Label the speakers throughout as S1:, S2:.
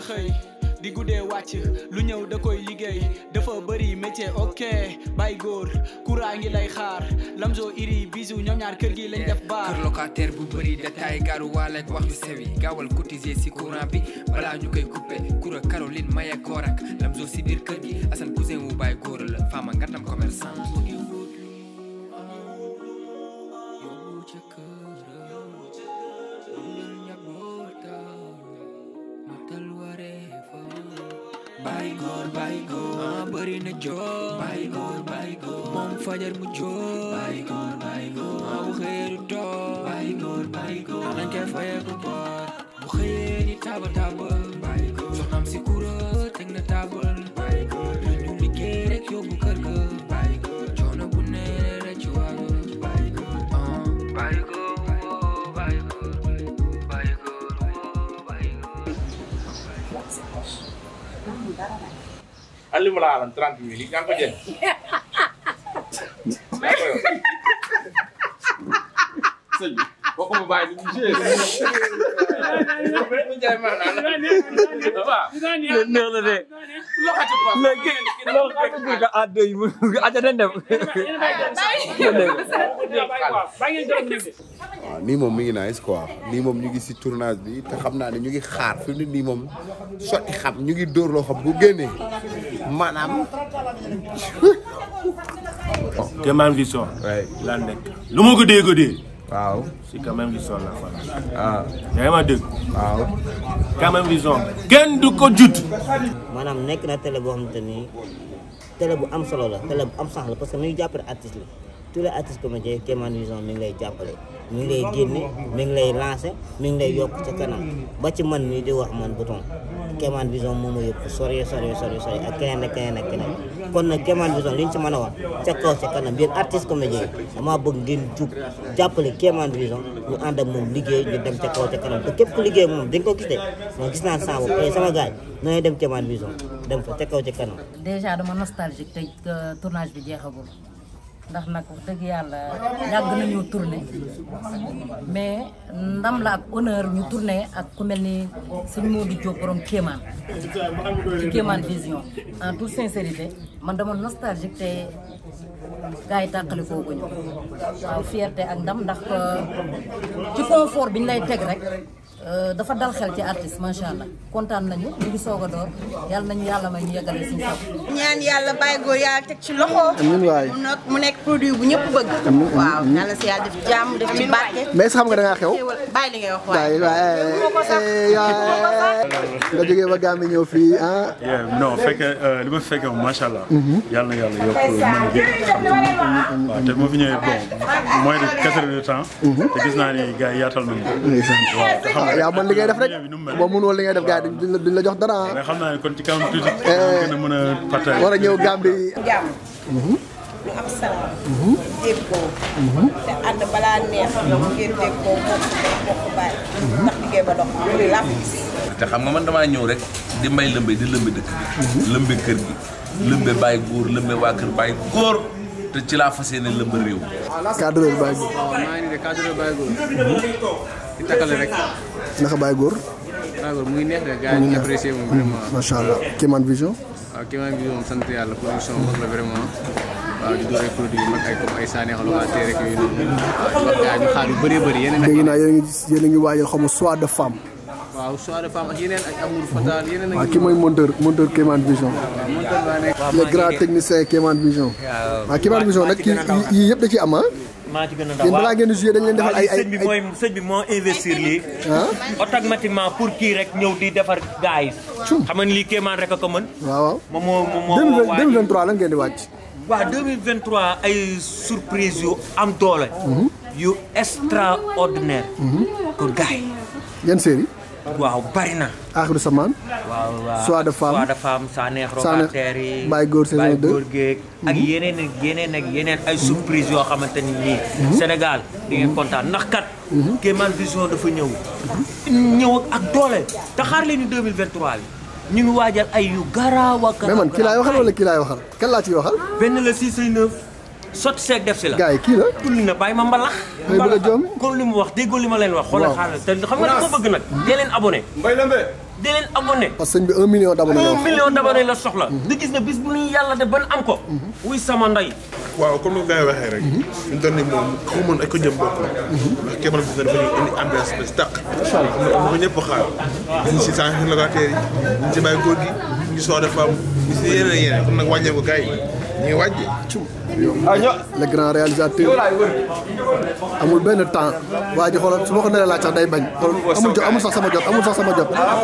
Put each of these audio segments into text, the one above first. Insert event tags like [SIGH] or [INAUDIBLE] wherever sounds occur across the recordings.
S1: na xëy di guddee wàcc lu ñëw da koy liggéey dafa bëri métier ok bay góor courant ngi lay xaar lamzo iri bisu ñoom ñaar kër gi lañ def baar kër locataire bu bëri détail garu waale wax yu sew yi gaawal cotiser si courant bi balaa ñu koy couper kura Caroline Maye Korak lamzo si biir kër gi jóg bàyyi góor bàyyi góor moom fajar mu jóg bàyyi góor bàyyi góor maa bu xëyee du toog bàyyi góor bàyyi góor anañ koy fayee ko boor bu xëyee di taaba taaba bàyyi góor xale li ma la alal trente mille yi yaa ngi neex na
S2: de. nii moom mi ngi nice quoi nii moom ñu ngi si tournage bi te xam naa xaar fi mu ne nii moom sotti xam ñu ngi dóor loo xam bu génnee. maanaam.
S1: te maa ngi sol. nekk lu ma gëdee gëdee. waaw si quand même vision la voilà. waaw yaa ma waaw quand vision. kenn du ko jut. maanaam nekk na télé boo xamante ni bu am solo la télé bu am sax la parce que mi jàppale artiste la tous les artistes comédiens Kémane Vision mi ngi lay jàppale mu ngi lay génne mi ngi lay lancé mi ngi lay yokk ca kanam ba ci man mii di wax man Bouton. Kéemaan Vision moom moo yóbbu sori sori sori sori ak kon nag Kéemaan Vision li ñu si mën a wax ca kaw ca kanam yéen artiste comédien bëgg ngeen jug jàppale Kéemaan Vision ñu ànd moom liggéey ñu dem ca kaw ca kanam te liggéey moom dañ ko gis de man gis naa sama bopp eh, tey sama gars yi dem Kéemaan Vision dem fa ca kaw ca kanam. dèjà dama nostalgique te euh, tournage bi jeexagul. ndax nak deug yalla yag nañu tourner mais ndam la ak honneur ñu tourner ak ku melni ni Modou Diop borom Kéemaan ci Kéemaan vision en toute sincérité man dama nostalgique té gaay yi ko koo ko ñu waaw fierté ak ndam ndax euh, ci confort bi ñu lay teg rek Euh, dafa dal xel ci artiste macha kontaan nañu ñu ngi soog a door yàlla nañu yàlla may ñu yegale suñu ñaan yàlla bàyyi góor yàlla teg ci loxo. amiin si mais xam nga da ngaa xew. bàyyi li ngay wax waay eh, nga
S2: jógee ba Gambie ñëw fii ah. non fekk euh, li ma fekkee macha mhm. yàlla yàlla yokk mën bi xam te ma fi ñëwee bon moins de quatre heures de mhm. te gis naa ni gars yi yaatal nañu ko. yaa man li ngay def rek boo mun woon li ngay def gars yi duñ la jox dara mais xam naa ne kon ci kanam eh, a mën a war a ñëw Gambie mhm.
S1: mhm. Mhm. te ànd balaa neex
S2: te xam nga man damaa ñëw rek di may lëmbe di lëmbe dëkk bi lëmbe kër gi lëmbe bàyyi góor lëmbe waa kër bàyyi góor te ci laa fas yéene lëmb réew. cadreur bàyyi góor waaw maa ngi nii de cadreur bàyyi góor di takkale rek naka Baye Góor. Baye mu ngi neex rek gars yi ñu apprécié mm, sant yàlla production mag la vraiment waaw di doon ay produits yu mag ay comme ay yeneen. ngi yéen a ngi waajal de femme. waa soir de femme ak yeneen ak amour fatal yeneen. waaw mooy monteur monteur Kéemaan monteur kii yii yëpp da ci am ah? maa ci gën a daw balaa ngeen joué dañ leen defal ay ay sëñ bi mooy sëñ bi moo investir lii. Ah? automatiquement pour kii rek ñëw di defar gars yi. xam nga lii kéemaan rek a ko mën. waaw waaw moom moo moo waaj 2023 lan ngeen di wàcc. waaw 2023 ay surprise yu am doole. Mhm.
S1: yu extraordinaire. kon mhm. gars yi. yan série waaw bari na. Axiru Samaan. waaw waaw Soie de Femme Soie de Femme Saneex romanteer yi Baye
S2: Góor saison 2 Baye Góor Géeg ak mhm. yeneen ak yeneen ak yeneen ay surprise yoo xamante ni nii. Mhm. Sénégal di mhm. kontaan ndax kat. Kéemaan Vision dafa ñëw.
S1: ñëw ak doole
S2: te xaar leen ni 2023 bi. ñu ngi waajal ay yu garaaw ak. mais man kii laa ciy waxal. la 6 9. sotti seeg def si la. gars yi kii la. tulli na bàyyi ma mbalax. mbalax kon li mu wax déggoo li ma leen wax. xoolal xaaral te xam nga ko bëgg nag. dee leen abonné. Mbaye Lembe. dee leen abonné. parce que sëñ bi un million d'abonnés la. soxla. Mhm. di gis ne bis bu ñu yàlla def ban am ko. Mhm. wuy sama ndey. waaw comme ni nga waxee rek. ñu doon ni moom xaw ma ay ko jëm bopp la. Mhm. ndax képp nag dafa indi ambiance bi tàq. incha allah xam nga ñëpp xaar. ñu ngi si sànq locataires yi ñu ngi si bàyyi góor gi ñu ngi soxla bu si yéene yéene kon nag wàññee ko kay ñu ngi grand réalisateur amul benn temps waa ji xoolal su ma ko nee laaj sax day bañ. amul jot sax sama jot amul sax sama jot. Ah,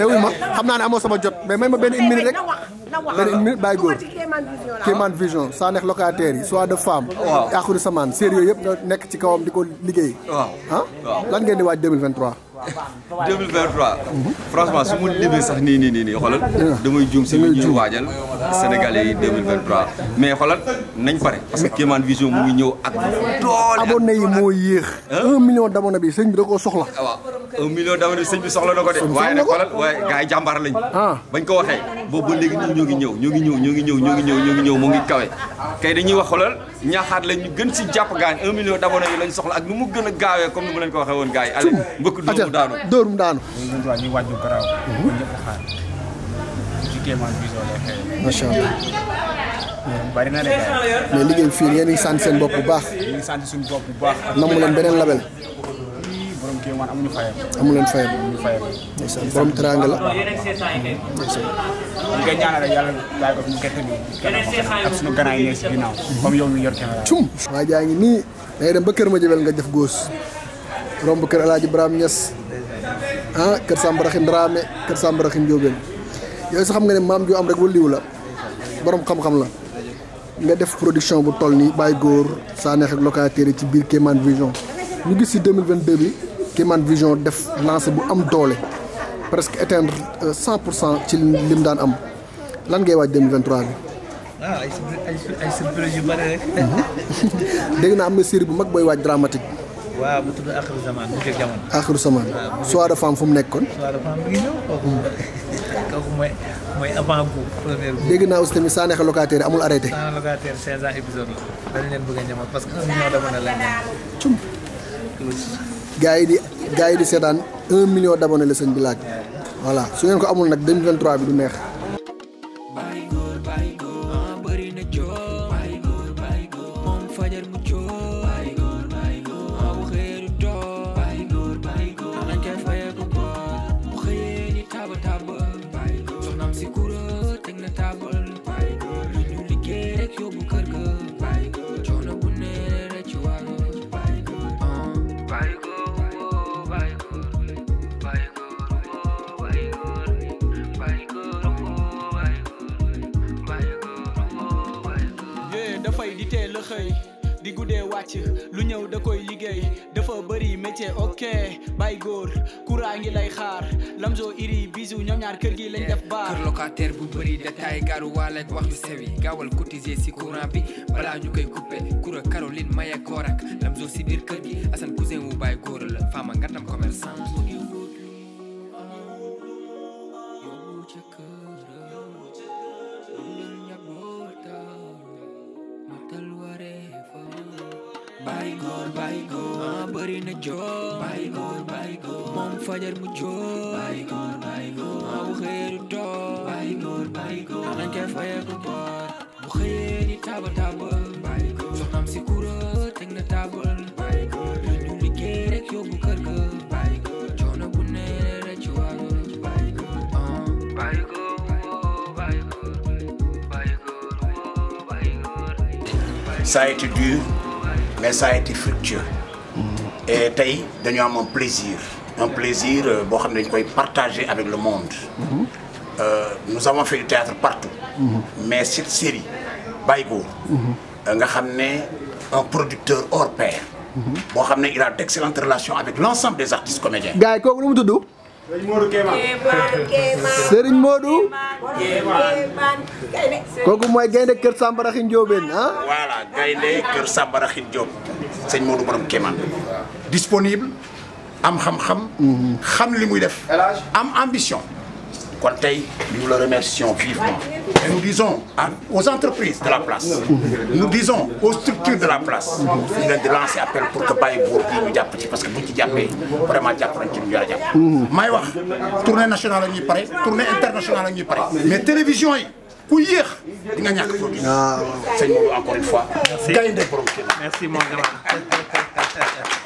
S2: mais ma xam naa ne amoo sama jot mais may ma benn une minute rek. benn une minute Vision saa neex locataires yi soit de femme. waaw Akhiru Samaan série yooyu nekk ci kawam di ko liggéey. ah lan ngeen di waaj 2023.
S1: 2023
S2: franchement su ma limee sax nii nii nii nii xoolal damay juum si lu ñuy waajal sénégalais yi 2023 mais xoolal nañ pare parce que Kémane Vision mu ngi ñëw ak doole abonné yi moo yéex million d'abonné bi sëñ bi da koo soxla ah
S1: waaw un million d'abonné bi sëñ bi soxla na ko de waaye nag xoolal waaye gars yi jàmbaar lañ ah. bañ ko waxee boobu ba léegi ñoo ngi ñëw ñoo ngi ñëw ñoo ngi ñëw ñoo ngi ñëw ñoo ngi ñëw moo ngi kawe kay dañuy wax xoolal ñaaxaat la ñu gën si jàpp gaañ un million d'abonnés yi soxla ak nu mu gën a gaawee comme ni mu leen ko waxee woon gars yi ale mbëkk dóomu daanu
S2: dóorum daanu ñu wàññi garaaw mhm. ñëpp
S1: xaar ci Kéemaan Vision lay xëy macha allah
S2: bari mais liggéey fii yéen a ngi sant seen bopp bu baax ñu ngi sant suñu bopp bu baax namu leen beneen label kéemaan amuñu fayam amu leen fayam amuñu borom teranga la ndeysaan ñu ñaanal rek yàlla ko mu kette bi ak suñu ganaay ne si ginnaaw comme yow mi yor caméra cum waa jaa ngi day dem ba kër ma jëbel nga def góos romb kër alaaji Ibrahim Niass ah kër Sambaraxin Dramé kër Sambaraxin Diobène yooyu sax xam nga ne ju am rek waliw la borom xam-xam la nga def production bu toll nii Baye Góor saa neex ak locataire ci Vision ñu gis si 2022 bi Kimane Vision def lancé bu am doole presque éteindre 100% euh, ci lim daan am lan ngay 2023 bi. ah ay ay yu [LAUGHS] am bu mag dramatique. waaw bu tudd Zaman bu jamono. Zaman ah, soir de femme fu mu nekkoon. soir de femme ñëw kooku. avant aussi locataire amul arrêté. bëgg parce que un dama gars yi di gars yi di seetaan un million d'abonnés la sëñ bi laaj voilà su ngeen ko amul nag 2023 bi du neex.
S1: wàcc lu ñëw da koy liggéey dafa bëri métier ok bay góor kuraa ngi lay xaar lamzo iri bisu ñoom ñaar kër gi lañ def eh, ba kër locataire bu bëri détail garu waaleeg wax yu sewi gaawal cotiser si courant bi balaa ñu koy coupé kura Caroline maye koorak lamzo si biir kër gi Assane cousin wu bay góor la femme ngatam commerçant bàyyi góor bàyyi góor ah bëri na joo bàyyi góor bàyyi góor Mom fajar mu joo bàyyi góor bàyyi góor ah bu xëyee du too bàyyi góor bàyyi góor nañ koy fayee ko boor bu xëyee di taaba taaba bàyyi góor soxnaam si kura teg na taabal bàyyi góor li ñu liggéey rek yóbbu kër ga bàyyi góor coono bu ne rek ci waajo bàyyi góor ah bàyyi góor Ça a été dur, mais ça a été fructueux.
S2: Mm. et Taï, nous avons un plaisir. un plaisir euh, boo partager avec le monde. Mm-hmm. Euh, nous avons fait du théâtre partout. Mm-hmm. mais cette série Baïgo. Mm-hmm. nga un producteur hors pair. il a d'excellentes relations avec l'ensemble des artistes comédiens.
S1: Serigne Modou Kéemaan kooku
S2: mooy gaynde kër Sambaraxin Ndiobène ah. voilà gaynde kër Sambaraxin Ndiob sëñ Modou borom Kéemaan. disponible am xam-xam. Mhm. xam li muy def. am ambition. kon tey ñu la remercions vivement. Et nous disons aux entreprises de la place, nous disons aux structures de la place, Il est de lancer appel pour que Baye Bourdi nous ñu parce que buñ ci vraiment jàpp nañ ci tournée nationale la ñuy tournée internationale la ñuy mais télévision oui ku il di nga
S1: ah, encore une fois. merci merci mon grand. [LAUGHS]